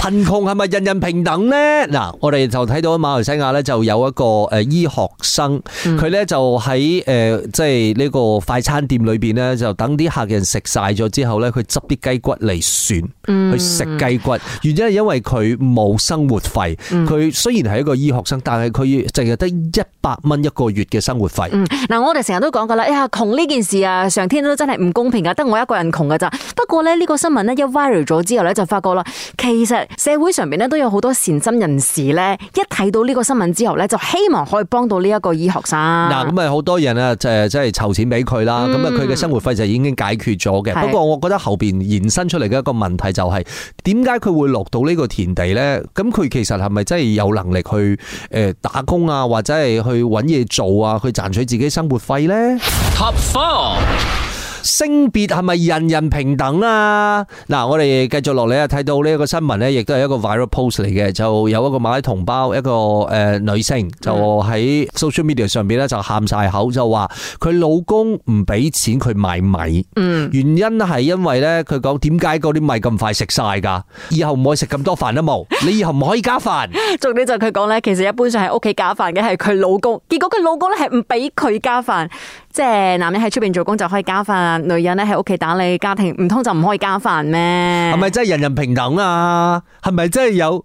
貧窮係咪人人平等呢？嗱，我哋就睇到馬來西亞咧，就有一個誒醫學生，佢咧就喺誒即係呢個快餐店裏邊呢，就等啲客人食晒咗之後呢，佢執啲雞骨嚟選，去食雞骨。原因係因為佢冇生活費，佢雖然係一個醫學生，但係佢淨係得一百蚊一個月嘅生活費。嗱、嗯嗯，我哋成日都講過啦，哎、呀窮呢件事啊，上天都真係唔公平噶，得我一個人窮噶咋。不過呢，呢、這個新聞呢，一 viral 咗之後呢，就發覺啦，其實。社會上面咧都有好多善心人士咧，一睇到呢個新聞之後咧，就希望可以幫到呢一個醫學生。嗱，咁啊，好多人啊，誒，即係湊錢俾佢啦。咁啊，佢嘅生活費就已經解決咗嘅。不過我覺得後邊延伸出嚟嘅一個問題就係、是，點解佢會落到呢個田地咧？咁佢其實係咪真係有能力去誒打工啊，或者係去搵嘢做啊，去賺取自己的生活費咧？Top 性別係咪人人平等啊？嗱，我哋繼續落嚟啊，睇到呢一個新聞咧，亦都係一個 viral post 嚟嘅，就有一個馬拉同胞一個誒女性，就喺 social media 上邊咧，就喊晒口，就話佢老公唔俾錢佢買米，嗯，原因係因為咧，佢講，點解嗰啲米咁快食晒噶？以後唔可以食咁多飯都，冇，你以後唔可以加飯。重點就係佢講咧，其實一般上喺屋企加飯嘅係佢老公，結果佢老公咧係唔俾佢加飯。即係男人喺出面做工就可以加飯，女人咧喺屋企打理家庭，唔通就唔可以加飯咩？係咪真係人人平等啊？係咪真係有？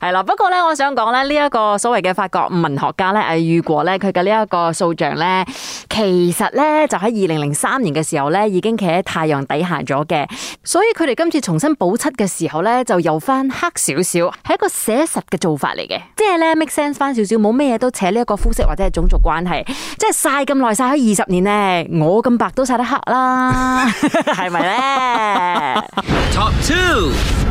係啦，不過咧，我想講咧，呢一個所謂嘅法國文學家咧，係雨果咧，佢嘅呢一個塑像咧，其實咧就喺二零零三年嘅時候咧，已經企喺太陽底下咗嘅，所以佢哋今次重新補漆嘅時候咧，就由翻黑少少，係一個寫實嘅做法嚟嘅，即係咧 make sense 翻少少，冇咩嘢都扯呢一個膚色或者係種族關係，即係晒咁耐晒咗二十年咧，我咁白都晒得黑啦，係咪咧？Top two。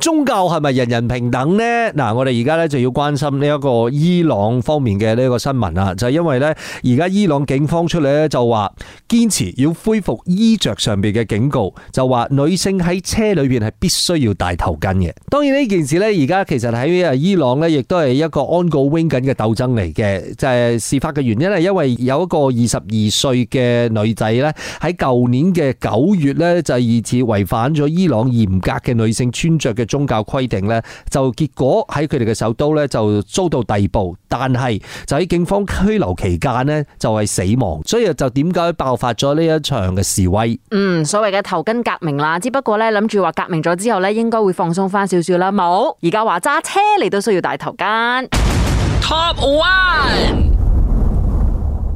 宗教係咪人人平等呢？嗱，我哋而家咧就要關心呢一個伊朗方面嘅呢個新聞啊，就係因為咧而家伊朗警方出嚟咧就話堅持要恢復衣着上邊嘅警告，就話女性喺車裏邊係必須要戴頭巾嘅。當然呢件事咧而家其實喺啊伊朗咧亦都係一個安 n w i n g 緊嘅鬥爭嚟嘅，就係事發嘅原因係因為有一個二十二歲嘅女仔咧喺舊年嘅九月咧就疑似違反咗伊朗嚴格嘅女性穿着嘅。宗教規定呢，就結果喺佢哋嘅首都呢，就遭到逮捕，但係就喺警方拘留期間呢，就係死亡，所以就點解爆發咗呢一場嘅示威？嗯，所謂嘅頭巾革命啦，只不過呢，諗住話革命咗之後呢，應該會放鬆翻少少啦，冇。而家話揸車你都需要戴頭巾。Top One。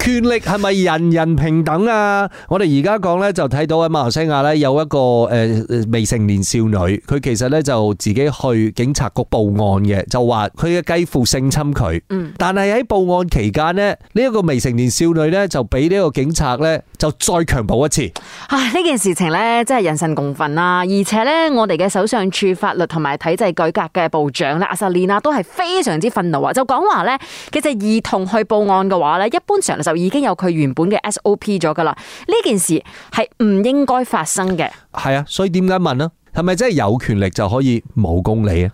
權力係咪人人平等啊？我哋而家講呢，就睇到喺馬來西亞呢，有一個誒未成年少女，佢其實呢就自己去警察局報案嘅，就話佢嘅繼父性侵佢。嗯，但係喺報案期間呢，呢一個未成年少女呢，就俾呢個警察呢。就再強暴一次！唉，呢件事情呢，真係人神共憤啦！而且呢，我哋嘅首相處法律同埋體制改革嘅部長咧，阿莎麗娜，都係非常之憤怒啊！就講話呢，其實兒童去報案嘅話呢，一般常就已經有佢原本嘅 S O P 咗噶啦。呢件事係唔應該發生嘅。係啊，所以點解問呢？係咪真係有權力就可以冇公理啊？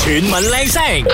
全民靚聲！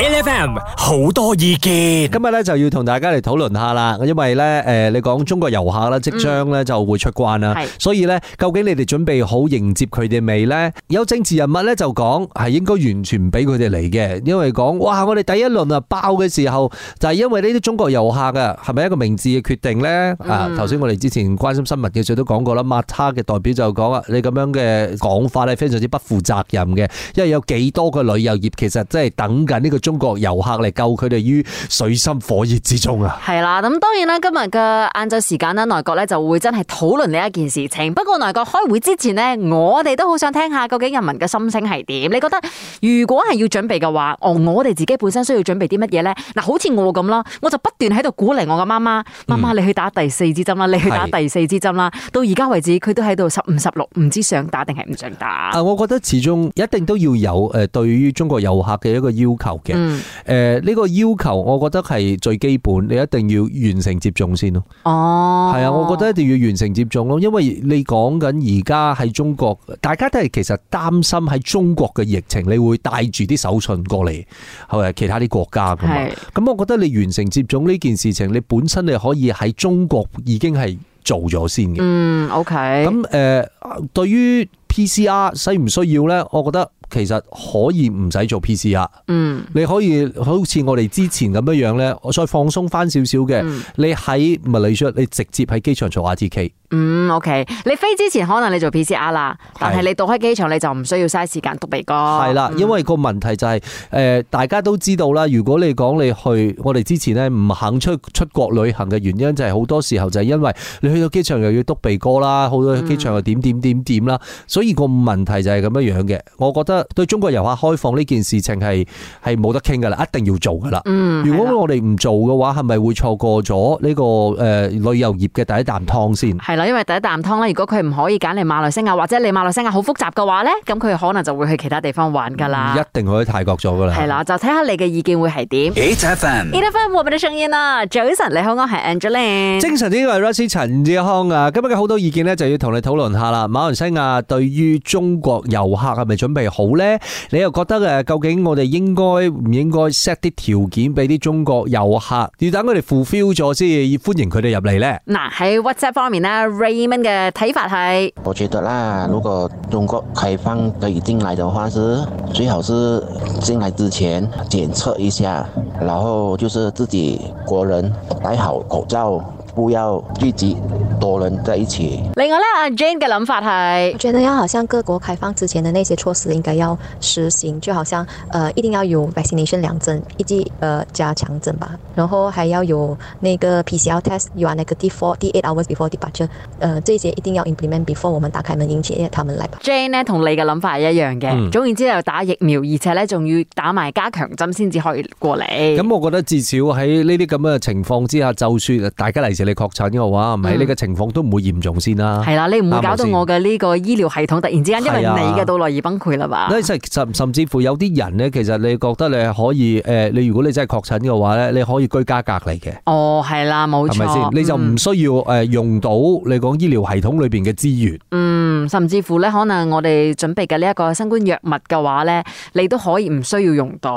L.F.M. 好多意見，今日咧就要同大家嚟討論下啦。因為咧，誒，你講中國遊客啦，即將咧就會出關啦，所以咧，究竟你哋準備好迎接佢哋未呢？有政治人物咧就講係應該完全唔俾佢哋嚟嘅，因為講哇，我哋第一輪啊爆嘅時候就係因為呢啲中國遊客呀，係咪一個明智嘅決定呢？」啊，頭先我哋之前關心新聞嘅時候都講過啦，抹黑嘅代表就講啊，你咁樣嘅講法咧非常之不負責任嘅，因為有幾多個旅遊業其實即係等緊呢個中。中國遊客嚟救佢哋於水深火熱之中啊，啊！係啦，咁當然啦，今日嘅晏晝時間啦，內閣咧就會真係討論呢一件事情。不過內閣開會之前呢，我哋都好想聽下究竟人民嘅心聲係點？你覺得如果係要準備嘅話，哦，我哋自己本身需要準備啲乜嘢呢？嗱，好似我咁啦，我就不斷喺度鼓勵我嘅媽媽，媽、嗯、媽你去打第四支針啦，你去打第四支針啦。到而家為止，佢都喺度十五十六，唔知想打定係唔想打。我覺得始終一定都要有誒，對於中國遊客嘅一個要求嘅。嗯，誒、呃，呢個要求我覺得係最基本，你一定要完成接種先咯。哦，係啊，我覺得一定要完成接種咯，因為你講緊而家喺中國，大家都係其實擔心喺中國嘅疫情，你會帶住啲手信過嚟係咪？其他啲國家噶，係，咁我覺得你完成接種呢件事情，你本身你可以喺中國已經係做咗先嘅。嗯，OK。咁誒、呃，對於 PCR 需唔需要呢？我覺得。其實可以唔使做 PCR，嗯，你可以好似我哋之前咁樣樣咧，我再放鬆翻少少嘅，你喺馬來西亞，你直接喺機場做 RTK。嗯，OK，你飛之前可能你做 PCR 啦，但係你到喺機場你就唔需要嘥時間篤鼻哥。係啦、嗯，因為個問題就係，誒，大家都知道啦。如果你講你去我哋之前咧唔肯出出國旅行嘅原因，就係好多時候就係因為你去到機場又要篤鼻哥啦，好多機場又點點點點啦，所以個問題就係咁樣樣嘅。我覺得。對中國遊客開放呢件事情係係冇得傾噶啦，一定要做噶啦。嗯，如果我哋唔做嘅話，係咪會錯過咗呢個誒旅遊業嘅第一啖湯先？係啦，因為第一啖湯咧，如果佢唔可以揀嚟馬來西亞，或者嚟馬來西亞好複雜嘅話咧，咁佢可能就會去其他地方玩噶啦。一定去泰國做噶啦。係啦，就睇下你嘅意見會係點。It FM，It FM 活埋啲聲音啦。早晨，你好，我係 Angeline。精神呢位 Russie 陳志康啊，今日嘅好多意見咧，就要同你討論下啦。馬來西亞對於中國遊客係咪準備好？咧，你又覺得誒，究竟我哋應該唔應該 set 啲條件俾啲中國遊客，要等佢哋 fulfill 咗先，歡迎佢哋入嚟咧？嗱，喺 WhatsApp 方面咧，Raymond 嘅睇法係，我覺得啦，如果中國開放可以進來嘅話是最好是進來之前檢測一下，然後就是自己國人戴好口罩，不要聚集。多人在一起。另外呢，阿 Jane 嘅諗法係，我覺得要好像各國開放之前的那些措施應該要實行，就好像，誒、呃，一定要有 vaccination 兩針，以及，誒、呃，加強針吧。然後還要有那個 PCR test，you are negative for 48 hours before departure，呃。誒，這些一定要 implement before 我們打開門迎接他們嚟吧。Jane 呢，同你嘅諗法係一樣嘅，嗯，總然之又打疫苗，而且呢，仲要打埋加強針先至可以過嚟。咁，嗯、我覺得至少喺呢啲咁嘅情況之下，就算大家嚟時你確診嘅話，唔係呢個情況，嗯。情況都唔會嚴重先啦，係啦，你唔會搞到我嘅呢個醫療系統突然之間因為你嘅到來而崩潰啦吧？咧，實實甚至乎有啲人咧，其實你覺得你可以誒，你如果你真係確診嘅話咧，你可以居家隔離嘅。哦，係啦，冇錯，係咪先，你就唔需要誒用到你講醫療系統裏邊嘅資源。嗯。甚至乎咧，可能我哋準備嘅呢一個新冠藥物嘅話咧，你都可以唔需要用到。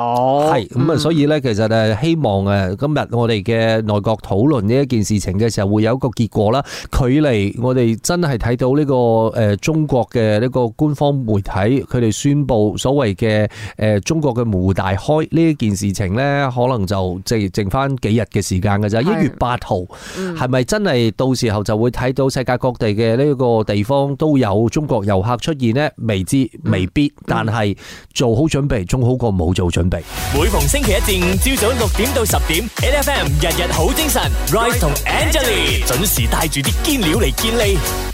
係咁啊，所以咧，其實誒希望誒今日我哋嘅內閣討論呢一件事情嘅時候，會有一個結果啦。距離我哋真係睇到呢個誒中國嘅呢個官方媒體佢哋宣佈所謂嘅誒中國嘅門戶大開呢一件事情咧，可能就即係剩翻幾日嘅時間㗎啫。一月八號係咪真係到時候就會睇到世界各地嘅呢個地方都有？中國遊客出現咧，未知未必，但係做好準備仲好過冇做準備。每逢星期一至五朝早六點到十點，N F M 日日好精神，Rise 同 Angelina 準時帶住啲堅料嚟堅利。